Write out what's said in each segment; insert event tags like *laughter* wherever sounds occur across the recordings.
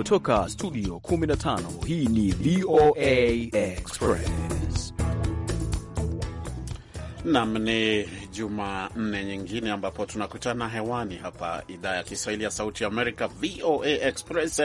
Kutoka studio 15 hii ni VOA Express. Nam, ni juma nne nyingine ambapo tunakutana hewani hapa idhaa ya Kiswahili ya Sauti Amerika. VOA Express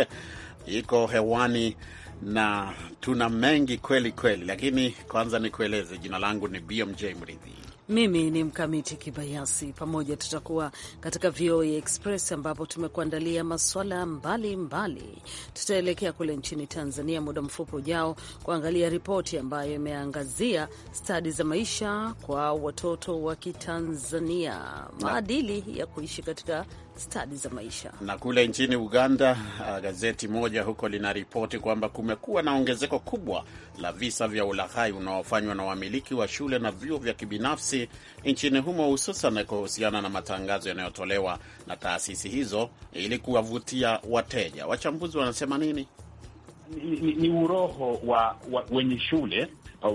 iko hewani na tuna mengi kweli kweli, lakini kwanza nikueleze, jina langu ni BMJ Mridhi mimi ni Mkamiti Kibayasi, pamoja tutakuwa katika VOA Express ambapo tumekuandalia masuala mbalimbali. Tutaelekea kule nchini Tanzania muda mfupi ujao kuangalia ripoti ambayo imeangazia stadi za maisha kwa watoto wa Kitanzania, maadili ya kuishi katika stadi za maisha. Na kule nchini Uganda, ah, gazeti moja huko linaripoti kwamba kumekuwa na ongezeko kubwa la visa vya ulaghai unaofanywa na wamiliki wa shule na vyuo vya kibinafsi nchini humo, hususan kuhusiana na matangazo yanayotolewa na taasisi hizo ili kuwavutia wateja. Wachambuzi wanasema nini? Ni, ni, ni uroho wa, wa wenye shule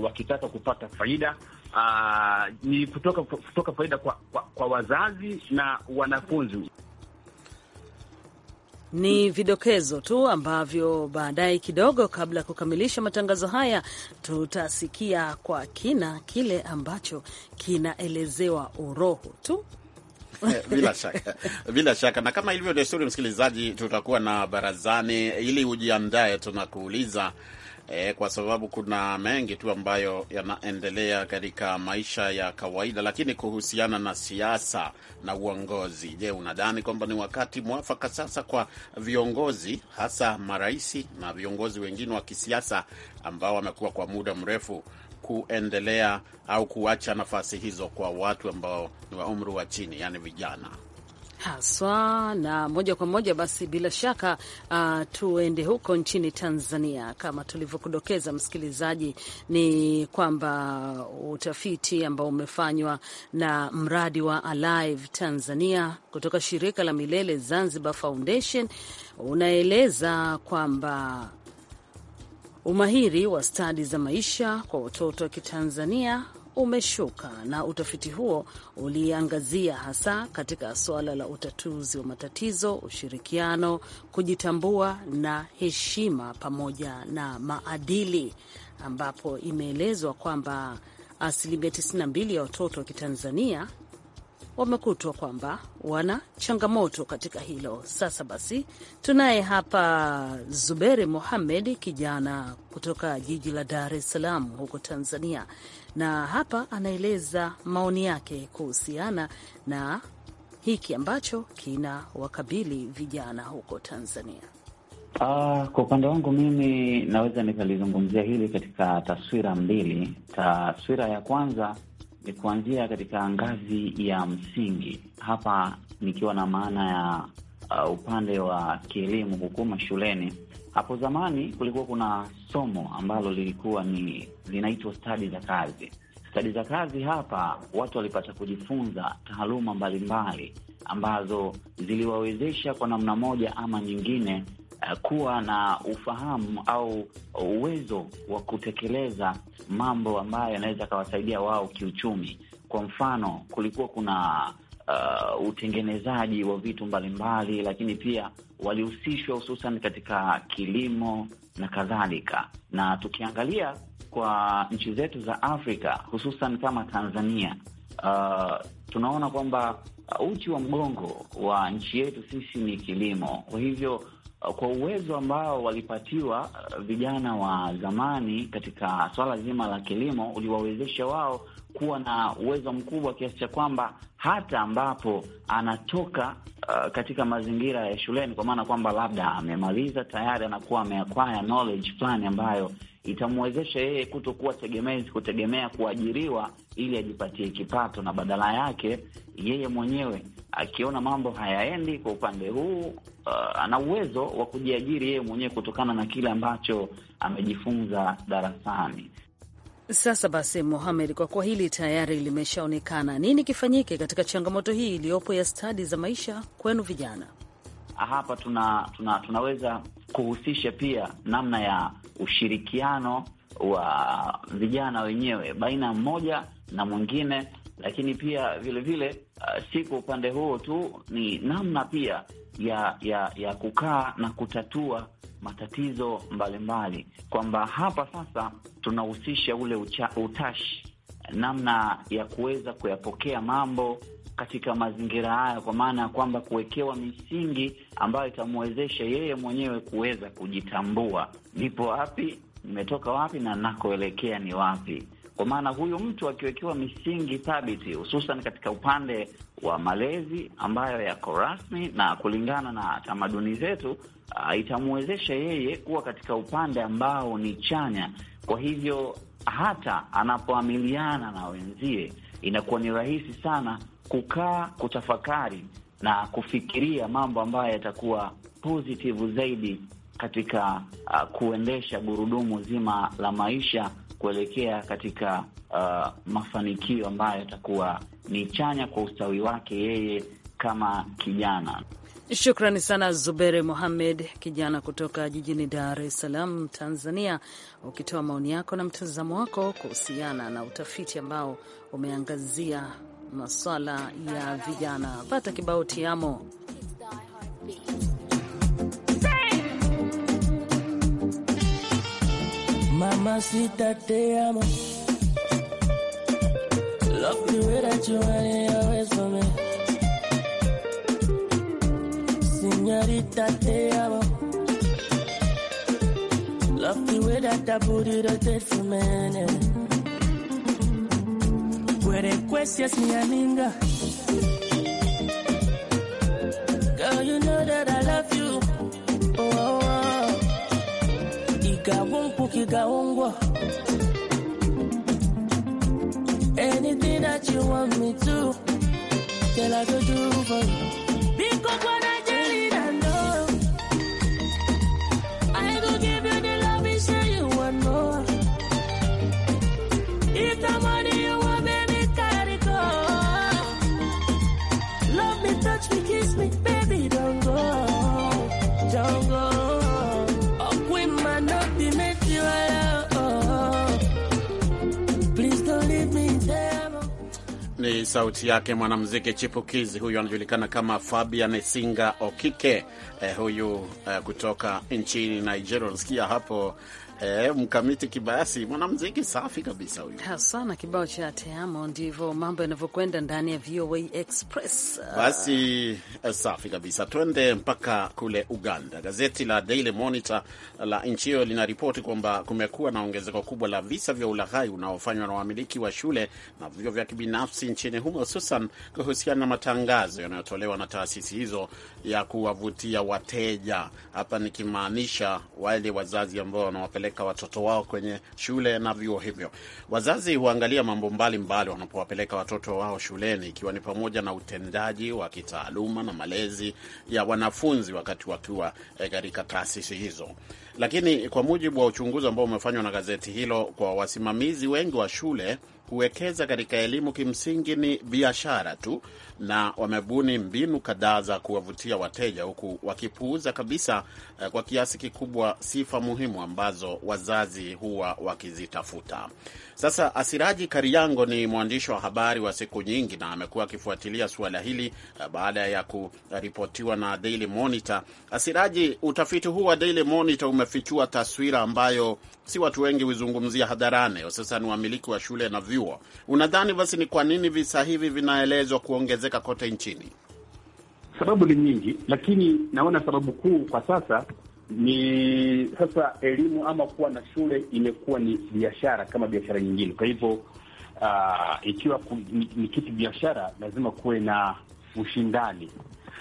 wakitaka kupata faida Uh, ni kutoka kutoka faida kwa, kwa, kwa wazazi na wanafunzi. Ni vidokezo tu ambavyo baadaye kidogo, kabla ya kukamilisha matangazo haya, tutasikia kwa kina kile ambacho kinaelezewa uroho tu. Eh, bila shaka, *laughs* bila shaka. Na kama ilivyo desturi, msikilizaji, tutakuwa na barazani ili ujiandae. Tunakuuliza e, kwa sababu kuna mengi tu ambayo yanaendelea katika maisha ya kawaida, lakini kuhusiana na siasa na uongozi, je, unadhani kwamba ni wakati mwafaka sasa kwa viongozi hasa maraisi na viongozi wengine wa kisiasa ambao wamekuwa kwa muda mrefu kuendelea au kuacha nafasi hizo kwa watu ambao ni wa umri wa chini, yani vijana? haswa na moja kwa moja. Basi bila shaka uh, tuende huko nchini Tanzania. Kama tulivyokudokeza msikilizaji, ni kwamba utafiti ambao umefanywa na mradi wa Alive Tanzania kutoka shirika la Milele Zanzibar Foundation unaeleza kwamba umahiri wa stadi za maisha kwa watoto wa Kitanzania umeshuka, na utafiti huo uliangazia hasa katika suala la utatuzi wa matatizo, ushirikiano, kujitambua na heshima pamoja na maadili, ambapo imeelezwa kwamba asilimia 92 ya watoto wa Kitanzania wamekutwa kwamba wana changamoto katika hilo. Sasa basi, tunaye hapa Zuberi Mohamed, kijana kutoka jiji la Dar es Salaam huko Tanzania, na hapa anaeleza maoni yake kuhusiana na hiki ambacho kina wakabili vijana huko Tanzania. Uh, kwa upande wangu mimi naweza nikalizungumzia hili katika taswira mbili. Taswira ya kwanza kuanzia katika ngazi ya msingi, hapa nikiwa na maana ya uh, upande wa kielimu huku mashuleni. Hapo zamani kulikuwa kuna somo ambalo lilikuwa ni linaitwa stadi za kazi. Stadi za kazi, hapa watu walipata kujifunza taaluma mbalimbali ambazo ziliwawezesha kwa namna moja ama nyingine Eh, kuwa na ufahamu au uwezo wa kutekeleza mambo ambayo yanaweza akawasaidia wao kiuchumi. Kwa mfano, kulikuwa kuna uh, utengenezaji wa vitu mbalimbali mbali, lakini pia walihusishwa hususan katika kilimo na kadhalika. Na tukiangalia kwa nchi zetu za Afrika hususan kama Tanzania, uh, tunaona kwamba uchi wa mgongo wa nchi yetu sisi ni kilimo. Kwa hivyo Uh, kwa uwezo ambao walipatiwa uh, vijana wa zamani katika swala zima la kilimo, uliwawezesha wao kuwa na uwezo mkubwa kiasi cha kwamba hata ambapo anatoka uh, katika mazingira ya shuleni, kwa maana kwamba labda amemaliza tayari, anakuwa ameakwaya knowledge fulani ambayo itamwezesha yeye kutokuwa tegemezi, kutegemea kuajiriwa ili ajipatie kipato, na badala yake yeye mwenyewe akiona mambo hayaendi kwa upande huu, uh, ana uwezo wa kujiajiri yeye mwenyewe kutokana na kile ambacho amejifunza darasani. Sasa basi, Mohamed, kwa kuwa hili tayari limeshaonekana, nini kifanyike katika changamoto hii iliyopo ya stadi za maisha kwenu vijana? Hapa tuna, tuna tunaweza kuhusisha pia namna ya ushirikiano wa vijana wenyewe baina ya mmoja na mwingine lakini pia vile vile uh, si kwa upande huo tu, ni namna pia ya ya ya kukaa na kutatua matatizo mbalimbali, kwamba hapa sasa tunahusisha ule ucha, utashi, namna ya kuweza kuyapokea mambo katika mazingira haya, kwa maana ya kwamba kuwekewa misingi ambayo itamwezesha yeye mwenyewe kuweza kujitambua, nipo wapi, nimetoka wapi na nakoelekea ni wapi. Kwa maana huyu mtu akiwekewa misingi thabiti, hususan katika upande wa malezi ambayo yako rasmi na kulingana na tamaduni zetu, uh, ah, itamwezesha yeye kuwa katika upande ambao ni chanya. Kwa hivyo hata anapoamiliana na wenzie, inakuwa ni rahisi sana kukaa, kutafakari na kufikiria mambo ambayo yatakuwa positive zaidi katika uh, kuendesha gurudumu zima la maisha kuelekea katika uh, mafanikio ambayo yatakuwa ni chanya kwa ustawi wake yeye kama kijana. Shukrani sana Zubere muhammed kijana kutoka jijini Dar es Salaam, Tanzania, ukitoa maoni yako na mtazamo wako kuhusiana na utafiti ambao umeangazia maswala ya vijana. Pata kibao tiamo Mamacita, te amo. Love the way that you are it always for me. Senorita, te amo. Love the way that that booty rotate for me. Where the mi amiga. Girl, you know that I love you. Kikawungu, kikawungu. Anything that you want me to, girl, I go do for you. Ni sauti yake mwanamuziki chipukizi huyu, anajulikana kama Fabian Singa Okike eh, huyu eh, kutoka nchini Nigeria. Unasikia hapo Eh, mkamiti kibayasi mwanamziki safi kabisa huyu haswa, na kibao cha teamo. Ndivyo mambo yanavyokwenda ndani ya VOA Express. Basi eh, safi kabisa, twende mpaka kule Uganda. Gazeti la Daily Monitor la nchi hiyo linaripoti kwamba kumekuwa na ongezeko kubwa la visa vya ulaghai unaofanywa na wamiliki wa shule na vyuo vya kibinafsi nchini humo, hususan kuhusiana na matangazo yanayotolewa na taasisi hizo ya kuwavutia wateja. Hapa nikimaanisha wale wazazi ambao wanawapeleka kupeleka watoto wao kwenye shule na vyuo hivyo. Wazazi huangalia mambo mbalimbali wanapowapeleka watoto wao shuleni, ikiwa ni pamoja na utendaji wa kitaaluma na malezi ya wanafunzi wakati wakiwa eh, katika taasisi hizo. Lakini kwa mujibu wa uchunguzi ambao umefanywa na gazeti hilo, kwa wasimamizi wengi wa shule, kuwekeza katika elimu kimsingi ni biashara tu, na wamebuni mbinu kadhaa za kuwavutia wateja, huku wakipuuza kabisa eh, kwa kiasi kikubwa sifa muhimu ambazo wazazi huwa wakizitafuta. Sasa Asiraji Kariango ni mwandishi wa habari wa siku nyingi na amekuwa akifuatilia suala hili eh, baada ya kuripotiwa na Daily Monitor. Asiraji, utafiti huu wa Daily Monitor umefichua taswira ambayo si watu wengi huizungumzia hadharani, hususan wamiliki wa shule na vyuo. Unadhani basi ni kwa nini visa hivi vinaelezwa kuongezeka kote nchini? Sababu ni nyingi, lakini naona sababu kuu kwa sasa ni sasa elimu ama kuwa na shule imekuwa ni biashara kama biashara nyingine. Kwa hivyo uh, ikiwa ni kitu biashara, lazima kuwe na ushindani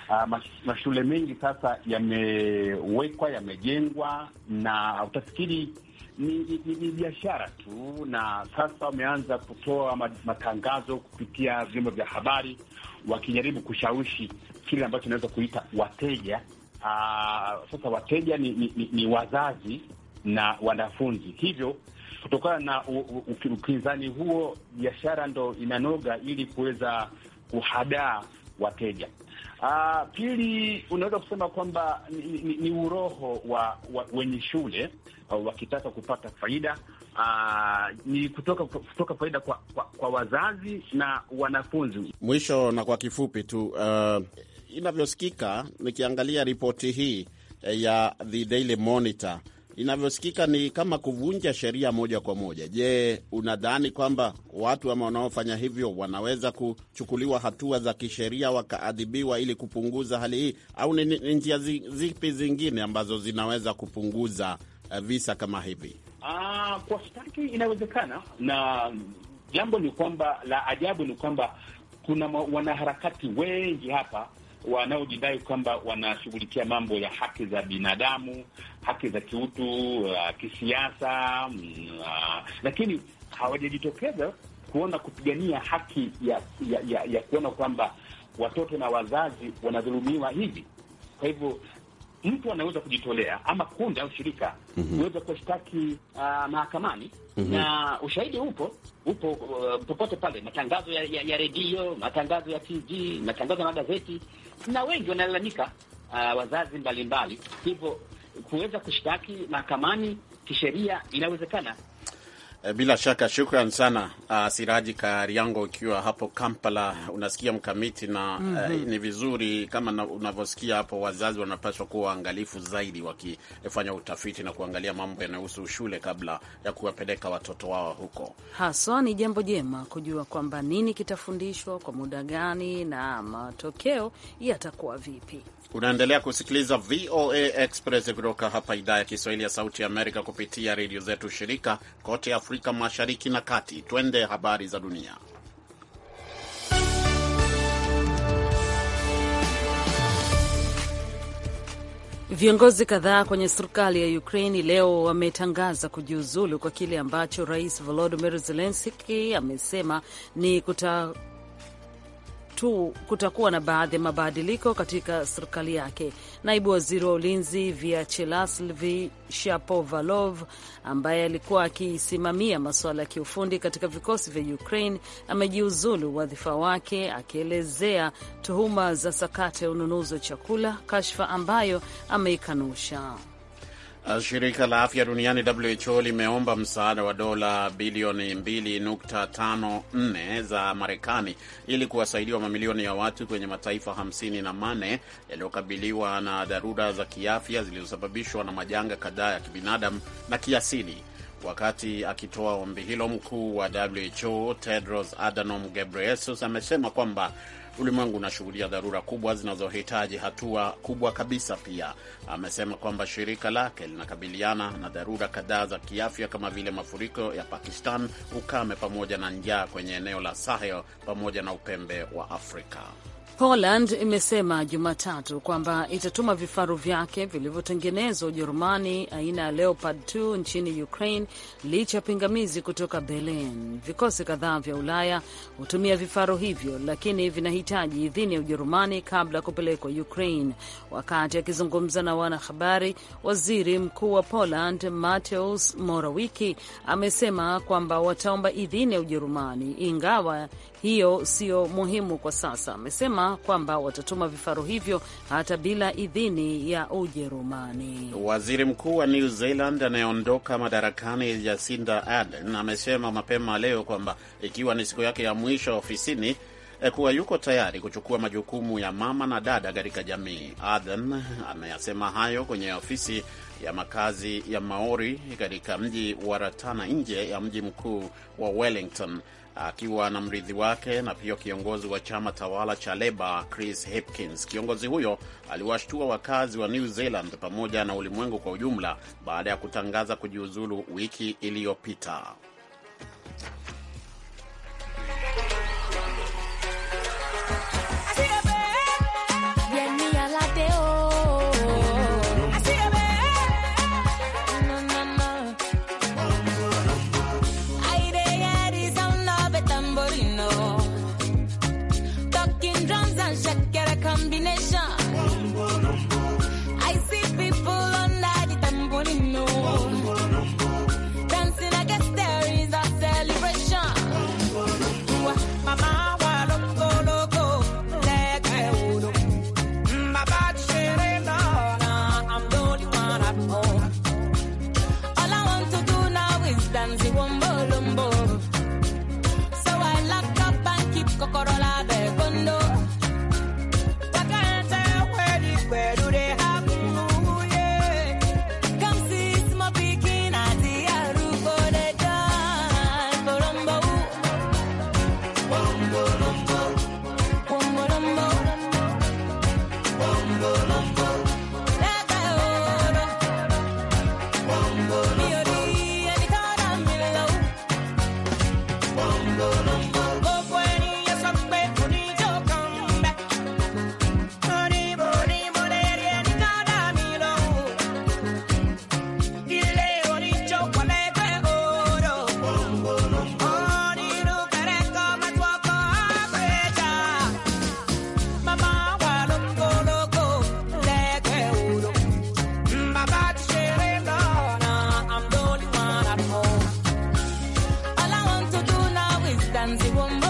Uh, mashule mengi sasa yamewekwa, yamejengwa, na utafikiri ni biashara tu, na sasa wameanza kutoa matangazo kupitia vyombo vya habari, wakijaribu kushawishi kile ambacho inaweza kuita wateja. Uh, sasa wateja ni, ni, ni, ni wazazi na wanafunzi. Hivyo kutokana na upinzani huo, biashara ndo inanoga ili kuweza kuhadaa wateja. Ah, pili unaweza kusema kwamba ni, ni, ni uroho wa, wa wenye shule wakitaka kupata faida uh, ni kutoka kutoka faida kwa, kwa, kwa wazazi na wanafunzi. Mwisho na kwa kifupi tu uh, inavyosikika nikiangalia ripoti hii eh, ya The Daily Monitor inavyosikika ni kama kuvunja sheria moja kwa moja. Je, unadhani kwamba watu ama wanaofanya hivyo wanaweza kuchukuliwa hatua za kisheria wakaadhibiwa ili kupunguza hali hii, au ni njia zipi zingine ambazo zinaweza kupunguza eh, visa kama hivi? Aa, ah, kwa staki inawezekana, na jambo ni kwamba la ajabu ni kwamba kuna wanaharakati wengi hapa wanaojidai kwamba wanashughulikia mambo ya haki za binadamu, haki za kiutu, uh, kisiasa, mm, uh, lakini hawajajitokeza kuona kupigania haki ya ya, ya, ya kuona kwamba watoto na wazazi wanadhulumiwa hivi. Kwa hivyo mtu anaweza kujitolea ama kundi au shirika mhm. kuweza uh, mahakamani, mhm. na ushahidi upo upo uh, popote pale, matangazo ya redio, matangazo ya TV, matangazo ya magazeti na wengi wanalalamika uh, wazazi mbalimbali, hivyo kuweza kushtaki mahakamani kisheria inawezekana, Eh, bila shaka shukran sana uh, Siraji Kariango, ukiwa hapo Kampala unasikia mkamiti na mm -hmm. uh, ni vizuri kama unavyosikia hapo, wazazi wanapaswa kuwa waangalifu zaidi wakifanya utafiti na kuangalia mambo yanayohusu shule kabla ya kuwapeleka watoto wao huko. Haswa ni jambo jema kujua kwamba nini kitafundishwa kwa muda gani na matokeo yatakuwa vipi. Unaendelea kusikiliza VOA Express kutoka hapa idhaa ya Kiswahili ya Sauti ya Amerika kupitia redio zetu shirika kote Afrika Afrika Mashariki na Kati. Twende habari za dunia. Viongozi kadhaa kwenye serikali ya Ukraini leo wametangaza kujiuzulu kwa kile ambacho rais volodimir zelenski amesema ni kuta tu kutakuwa na baadhi ya mabadiliko katika serikali yake. Naibu waziri wa ulinzi Vyacheslav Shapovalov, ambaye alikuwa akisimamia masuala ya kiufundi katika vikosi vya Ukraine, amejiuzulu wadhifa wake, akielezea tuhuma za sakata ya ununuzi wa chakula, kashfa ambayo ameikanusha. Uh, shirika la afya duniani WHO limeomba msaada wa dola bilioni 2.54 za Marekani ili kuwasaidia mamilioni ya watu kwenye mataifa 58 yaliyokabiliwa na dharura za kiafya zilizosababishwa na majanga kadhaa ya kibinadamu na kiasili. Wakati akitoa ombi hilo, mkuu wa WHO Tedros Adhanom Ghebreyesus amesema kwamba ulimwengu unashuhudia dharura kubwa zinazohitaji hatua kubwa kabisa. Pia amesema kwamba shirika lake linakabiliana na dharura kadhaa za kiafya kama vile mafuriko ya Pakistan, ukame pamoja na njaa kwenye eneo la Sahel pamoja na upembe wa Afrika. Poland imesema Jumatatu kwamba itatuma vifaru vyake vilivyotengenezwa Ujerumani aina ya Leopard 2 nchini Ukraine licha ya pingamizi kutoka Berlin. Vikosi kadhaa vya Ulaya hutumia vifaru hivyo, lakini vinahitaji idhini ya Ujerumani kabla ya kupelekwa Ukraine. Wakati akizungumza na wanahabari, waziri mkuu wa Poland Mateusz Morawiecki amesema kwamba wataomba idhini ya Ujerumani ingawa hiyo sio muhimu kwa sasa. Amesema kwamba watatuma vifaru hivyo hata bila idhini ya Ujerumani. Waziri Mkuu wa New Zealand anayeondoka madarakani Jacinda Ardern amesema mapema leo kwamba ikiwa ni siku yake ya mwisho ofisini eh, kuwa yuko tayari kuchukua majukumu ya mama na dada katika jamii. Ardern ameyasema hayo kwenye ofisi ya makazi ya Maori katika mji wa Ratana nje ya mji mkuu wa Wellington akiwa na mrithi wake na pia kiongozi wa chama tawala cha Leba Chris Hipkins. Kiongozi huyo aliwashtua wakazi wa New Zealand pamoja na ulimwengu kwa ujumla baada ya kutangaza kujiuzulu wiki iliyopita. hands, you won't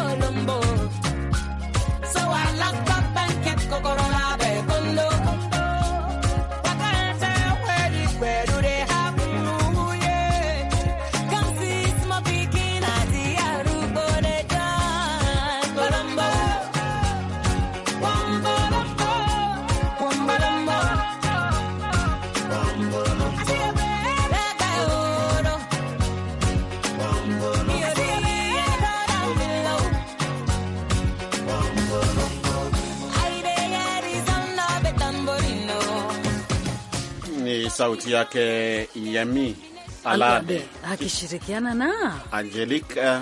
sauti yake Yemi Alade akishirikiana na Angelique eh,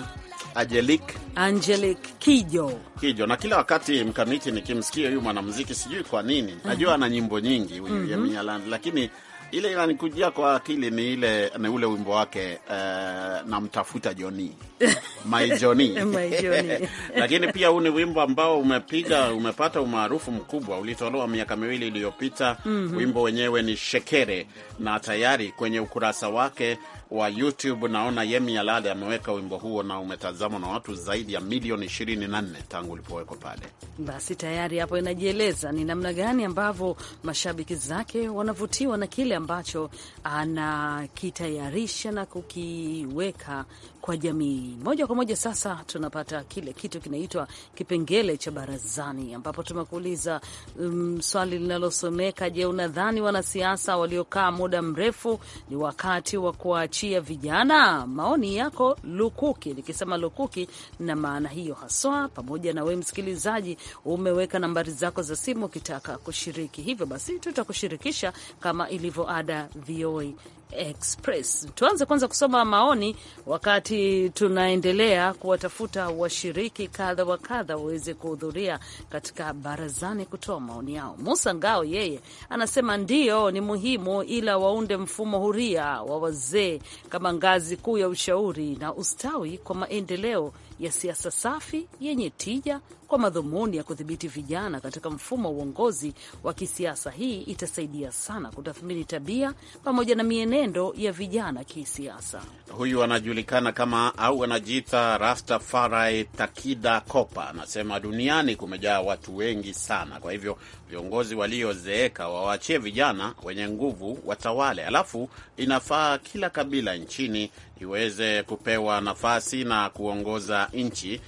Angelique Angelique Kijo Kijo. Na kila wakati mkamiti nikimsikia huyu mwanamuziki, sijui kwa nini, najua ana nyimbo nyingi huyu mhm. Yemi Alade, lakini ile inanikujia kwa akili ni ile ni ule wimbo wake uh, namtafuta Joni *laughs* my Joni *laughs* lakini pia huu ni wimbo ambao umepiga umepata umaarufu mkubwa, ulitolewa miaka miwili iliyopita. mm -hmm. Wimbo wenyewe ni Shekere na tayari kwenye ukurasa wake wa YouTube naona Yemi Alade ameweka wimbo huo na umetazamwa na watu zaidi ya milioni 24 tangu ulipowekwa pale. Basi tayari hapo inajieleza ni namna gani ambavyo mashabiki zake wanavutiwa na kile ambacho anakitayarisha na kukiweka kwa jamii. Moja kwa moja sasa tunapata kile kitu kinaitwa kipengele cha barazani, ambapo tumekuuliza um, swali linalosomeka: Je, unadhani wanasiasa waliokaa muda mrefu ni wakati wa kuwaachia vijana? Maoni yako lukuki. Nikisema lukuki na maana hiyo haswa, pamoja na we msikilizaji, umeweka nambari zako za simu ukitaka kushiriki. Hivyo basi tutakushirikisha kama ilivyo ada VOA Express. Tuanze kwanza kusoma maoni wakati basi tunaendelea kuwatafuta washiriki kadha wa kadha waweze kuhudhuria katika barazani kutoa maoni yao. Musa Ngao yeye anasema ndiyo, ni muhimu, ila waunde mfumo huria wa wazee kama ngazi kuu ya ushauri na ustawi kwa maendeleo ya siasa safi yenye tija kwa madhumuni ya kudhibiti vijana katika mfumo wa uongozi wa kisiasa. Hii itasaidia sana kutathmini tabia pamoja na mienendo ya vijana kisiasa. Huyu anajulikana kama au anajiita Rastafari Takida Kopa, anasema duniani kumejaa watu wengi sana, kwa hivyo viongozi waliozeeka wawaachie vijana wenye nguvu watawale, alafu inafaa kila kabila nchini iweze kupewa nafasi na kuongoza nchi.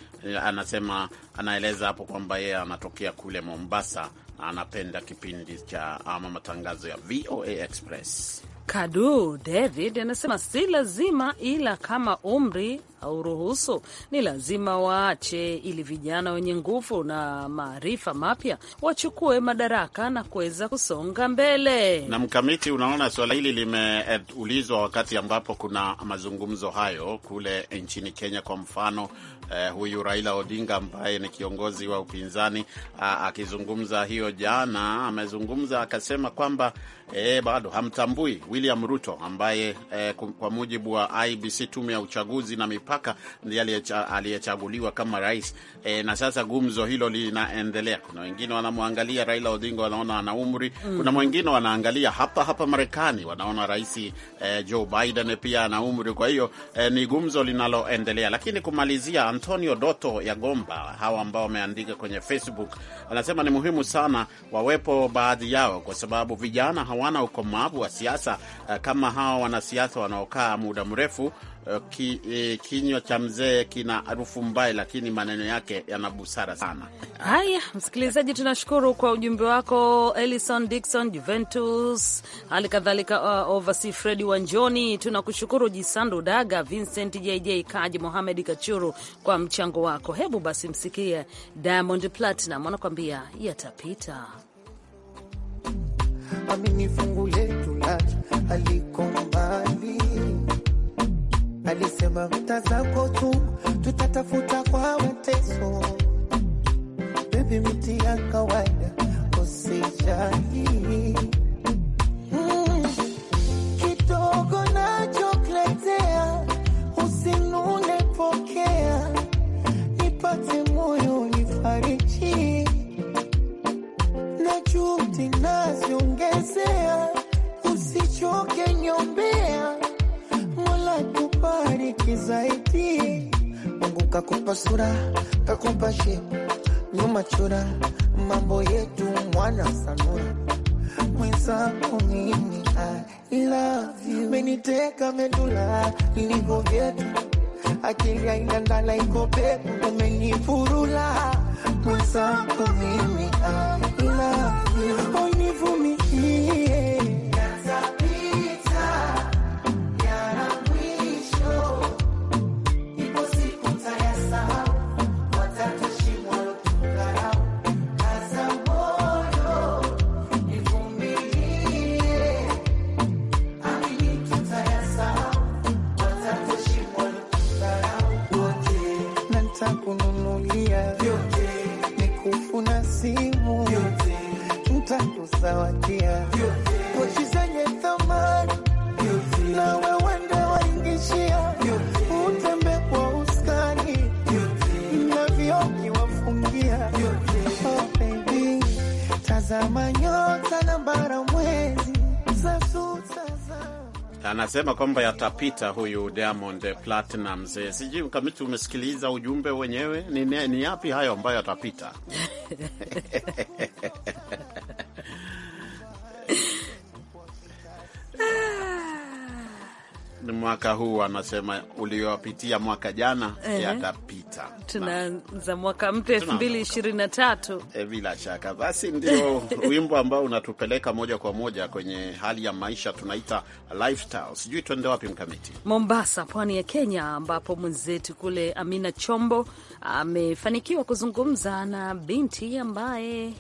Anasema, anaeleza hapo kwamba yeye anatokea kule Mombasa na anapenda kipindi cha ama matangazo ya VOA Express. Kadu David anasema si lazima, ila kama umri hauruhusu ni lazima waache, ili vijana wenye nguvu na maarifa mapya wachukue madaraka na kuweza kusonga mbele. Na mkamiti, unaona suala hili limeulizwa wakati ambapo kuna mazungumzo hayo kule nchini Kenya. Kwa mfano eh, huyu Raila Odinga ambaye ni kiongozi wa upinzani ah, akizungumza hiyo jana, amezungumza akasema kwamba E, bado hamtambui William Ruto ambaye e, kwa mujibu wa IBC, tume ya uchaguzi na mipaka, ndiye aliyechaguliwa kama rais e, na sasa gumzo hilo linaendelea. Kuna wengine wanamwangalia Raila Odinga, wanaona ana umri mm. Kuna wengine wanaangalia hapa hapa Marekani, wanaona rais e, Joe Biden pia ana umri. Kwa hiyo e, ni gumzo linaloendelea, lakini kumalizia, Antonio Doto ya Gomba, hawa ambao wameandika kwenye Facebook, anasema ni muhimu sana wawepo baadhi yao, kwa sababu vijana hawana ukomavu wa siasa eh, kama hawa wanasiasa wanaokaa muda mrefu. Eh, ki, eh, kinywa cha mzee kina harufu mbaya, lakini maneno yake yana busara sana. Haya, msikilizaji, tunashukuru kwa ujumbe wako Ellison Dixon Juventus, hali kadhalika uh, Oversea Fredi Wanjoni, tunakushukuru Jisandu Daga, Vincent JJ Kaji, Mohamed Kachuru kwa mchango wako. Hebu basi msikie Diamond Platinum anakwambia yatapita amini fungu letu lake aliko mbali, alisema mtazako zako tu tutatafuta kwa mateso. Bebi, miti ya kawaida usijali machura, ta compagine, no machura. anasema kwamba yatapita huyu Diamond Platnumz. Sijui kamiti, umesikiliza ujumbe wenyewe? Ni, ni, ni yapi hayo ambayo yatapita? *laughs* ni Mwaka huu anasema uliopitia mwaka jana uh -huh. yatapita sita tunaanza mwaka mpya elfu mbili ishirini na tatu. E, bila shaka basi ndio *laughs* wimbo ambao unatupeleka moja kwa moja kwenye hali ya maisha tunaita lifestyle. Sijui tuende wapi mkamiti? Mombasa, pwani ya Kenya, ambapo mwenzetu kule Amina Chombo amefanikiwa kuzungumza na binti ambaye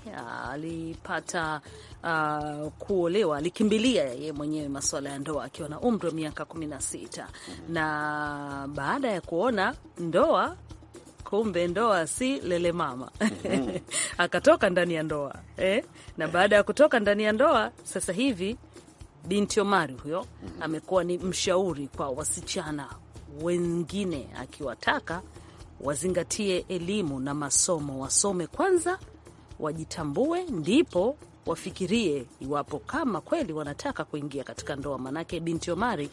alipata Uh, kuolewa alikimbilia yeye mwenyewe masuala ya ndoa akiwa na umri wa miaka kumi na sita, mhm. na baada ya kuona ndoa kumbe ndoa si lele mama. mm -hmm. *laughs* Akatoka ndani ya ndoa eh? na baada ya kutoka ndani ya ndoa sasa hivi binti Omari huyo mm -hmm. amekuwa ni mshauri kwa wasichana wengine akiwataka wazingatie elimu na masomo, wasome kwanza, wajitambue, ndipo wafikirie iwapo kama kweli wanataka kuingia katika ndoa. Manake binti Omari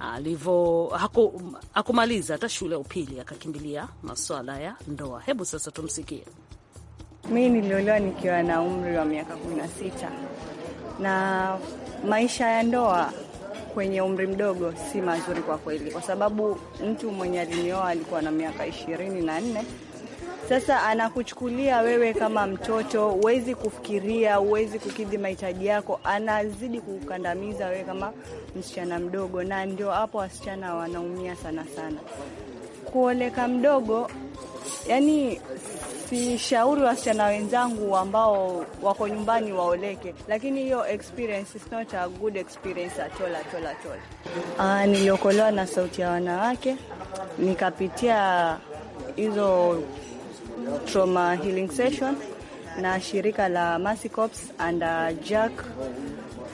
alivyo hakumaliza hata shule ya upili akakimbilia maswala ya ndoa. Hebu sasa tumsikie. Mi niliolewa nikiwa na umri wa miaka 16 na maisha ya ndoa kwenye umri mdogo si mazuri kwa kweli, kwa sababu mtu mwenye alinioa alikuwa na miaka ishirini na nne sasa anakuchukulia wewe kama mtoto, huwezi kufikiria, huwezi kukidhi mahitaji yako, anazidi kukandamiza wewe kama msichana mdogo, na ndio hapo wasichana wanaumia sana sana. Kuoleka mdogo, yani sishauri wasichana wenzangu ambao wako nyumbani waoleke, lakini hiyo experience is not a good experience at all, at all, at all. Ah, niliokolewa na Sauti ya Wanawake, nikapitia hizo Trauma uh, Healing Session na shirika la Mercy Corps and uh, Jack,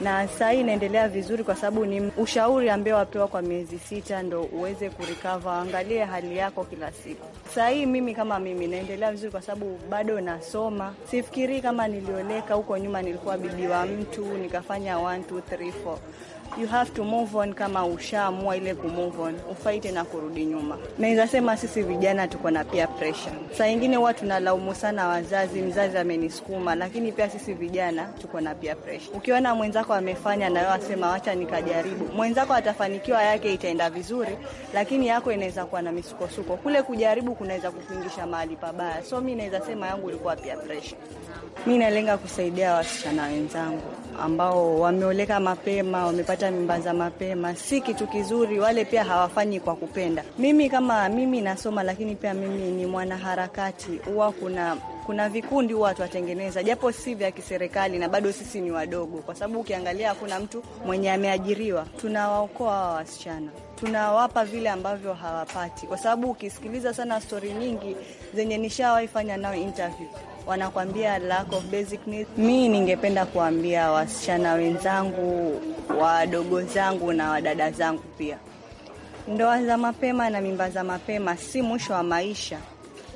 na saa hii inaendelea vizuri, kwa sababu ni ushauri ambao wapewa kwa miezi sita ndo uweze kurecover, angalie hali yako kila siku. Saa hii mimi kama mimi naendelea vizuri, kwa sababu bado nasoma. Sifikirii kama nilioleka huko nyuma, nilikuwa bibi wa mtu nikafanya 1 2 3 4 you have to move on. Kama ushaamua ile ku move on, ufaite na kurudi nyuma. Naweza sema sisi vijana tuko na pia pressure saa ingine, huwa tunalaumu sana wazazi, mzazi amenisukuma, lakini pia sisi vijana tuko na pia pressure. Ukiona mwenzako amefanya na wewe asema wacha nikajaribu, mwenzako atafanikiwa, yake itaenda vizuri, lakini yako inaweza kuwa na misukosuko. Kule kujaribu kunaweza kukuingisha mahali pabaya, so mi naweza sema yangu ilikuwa pia pressure. Mi nalenga kusaidia wasichana wenzangu ambao wameoleka mapema, wamepata mimba za mapema, si kitu kizuri. Wale pia hawafanyi kwa kupenda. Mimi kama mimi nasoma, lakini pia mimi ni mwanaharakati. Huwa kuna kuna vikundi huwa twatengeneza, japo si vya kiserikali, na bado sisi ni wadogo, kwa sababu ukiangalia hakuna mtu mwenye ameajiriwa. Tunawaokoa hawa wasichana, tunawapa vile ambavyo hawapati, kwa sababu ukisikiliza sana stori nyingi zenye nishawaifanya nao interview wanakwambia lack of basic needs. Mi ningependa kuambia wasichana wenzangu, wadogo zangu na wadada zangu pia, ndoa za mapema na mimba za mapema si mwisho wa maisha.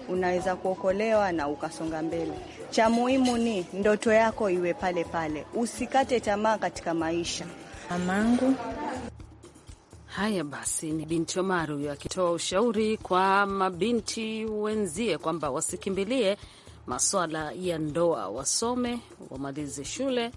Unaweza kuokolewa na ukasonga mbele. Cha muhimu ni ndoto yako iwe pale pale, usikate tamaa katika maisha. Mamangu. Haya basi, ni binti Omari huyo akitoa ushauri kwa mabinti wenzie kwamba wasikimbilie maswala ya ndoa, wasome wamalize shule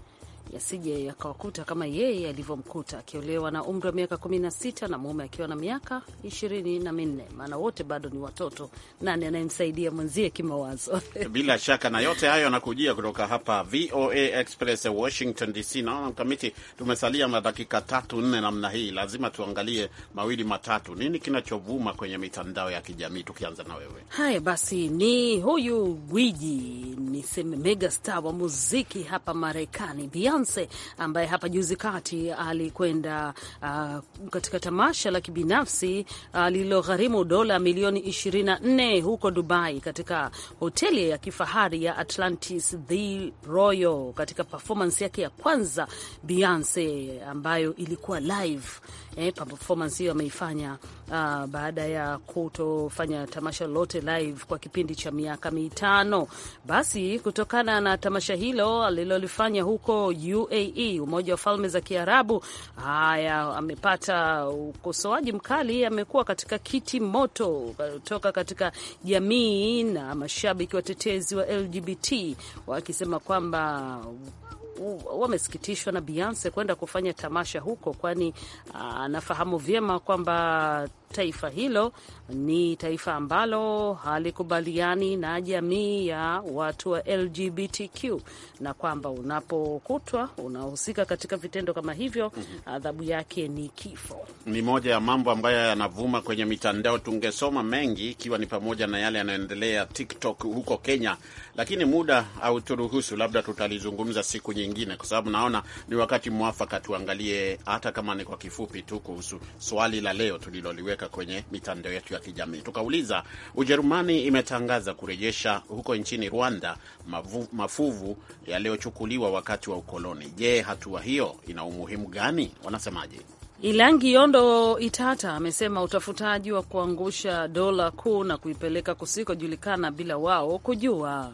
yasije yakawakuta kama yeye alivyomkuta akiolewa na umri wa miaka 16 na mume akiwa na miaka ishirini na minne, maana wote bado ni watoto. Nani anayemsaidia mwenzie kimawazo? *laughs* Bila shaka na yote hayo anakujia kutoka hapa VOA Express Washington DC. Naona Mkamiti, tumesalia na dakika tatu nne namna hii, lazima tuangalie mawili matatu, nini kinachovuma kwenye mitandao ya kijamii, tukianza na wewe. Haya basi, ni huyu gwiji niseme megastar wa muziki hapa Marekani Beyonce Beyonce ambaye hapa juzi kati alikwenda uh, katika tamasha la kibinafsi uh, lililogharimu dola milioni 24 huko Dubai katika hoteli ya kifahari ya Atlantis The Royal katika performance yake ya kwanza Beyonce ambayo ilikuwa live eh, performance hiyo ameifanya uh, baada ya kutofanya tamasha lolote live kwa kipindi cha miaka mitano. Basi kutokana na tamasha hilo alilolifanya huko UAE, Umoja wa Falme za Kiarabu, haya amepata ukosoaji mkali, amekuwa katika kiti moto kutoka katika jamii na mashabiki watetezi wa LGBT wakisema kwamba wamesikitishwa na Beyonce kwenda kufanya tamasha huko, kwani ah, anafahamu vyema kwamba taifa hilo ni taifa ambalo halikubaliani na jamii ya watu wa LGBTQ na kwamba unapokutwa unahusika katika vitendo kama hivyo, mhm. adhabu yake ni kifo. Ni moja ya mambo ambayo yanavuma kwenye mitandao, tungesoma mengi, ikiwa ni pamoja na yale yanayoendelea TikTok huko Kenya, lakini muda hauturuhusu, labda tutalizungumza siku nyingine, kwa sababu naona ni wakati mwafaka tuangalie, hata kama ni kwa kifupi tu, kuhusu swali la leo tuliloliweka kuweka kwenye mitandao yetu ya kijamii. Tukauliza, Ujerumani imetangaza kurejesha huko nchini Rwanda mavu, mafuvu yaliyochukuliwa wakati wa ukoloni. Je, hatua hiyo ina umuhimu gani? Wanasemaje? Ilangi Yondo Itata amesema utafutaji wa kuangusha dola kuu na kuipeleka kusikojulikana bila wao kujua.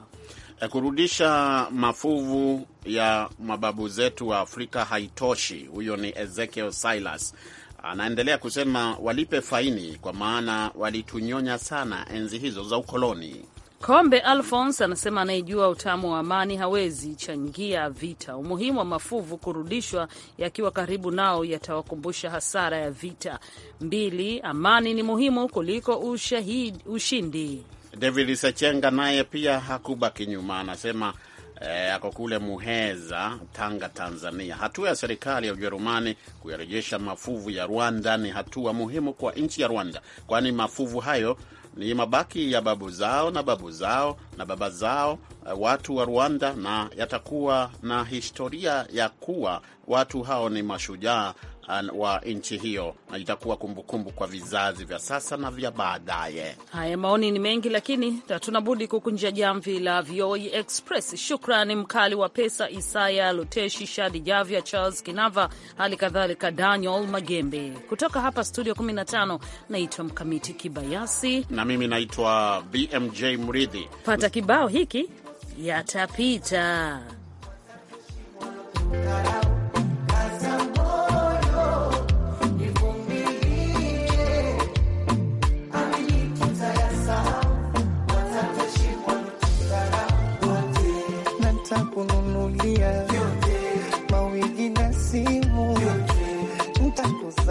E, kurudisha mafuvu ya mababu zetu wa Afrika haitoshi. Huyo ni Ezekiel Silas Anaendelea kusema walipe faini, kwa maana walitunyonya sana enzi hizo za ukoloni. Kombe Alphonse anasema anayejua utamu wa amani hawezi changia vita. Umuhimu wa mafuvu kurudishwa yakiwa karibu nao yatawakumbusha hasara ya vita. Mbili, amani ni muhimu kuliko ushahid, ushindi. David Sechenga naye pia hakubaki nyuma, anasema yako eh, e, kule Muheza, Tanga, Tanzania. Hatua ya serikali ya Ujerumani kuyarejesha mafuvu ya Rwanda ni hatua muhimu kwa nchi ya Rwanda, kwani mafuvu hayo ni mabaki ya babu zao na babu zao na baba zao, eh, watu wa Rwanda, na yatakuwa na historia ya kuwa watu hao ni mashujaa wa nchi hiyo, na itakuwa kumbukumbu kwa vizazi vya sasa na vya baadaye. Haya, maoni ni mengi, lakini hatuna budi kukunjia jamvi la VOA e Express. Shukrani mkali wa pesa Isaya Luteshi, Shadi Javya, Charles Kinava, hali kadhalika Daniel Magembe. Kutoka hapa studio 15 naitwa Mkamiti Kibayasi na mimi naitwa BMJ Mridhi. Pata kibao hiki yatapita.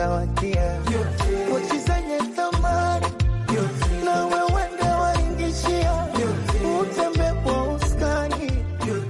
I like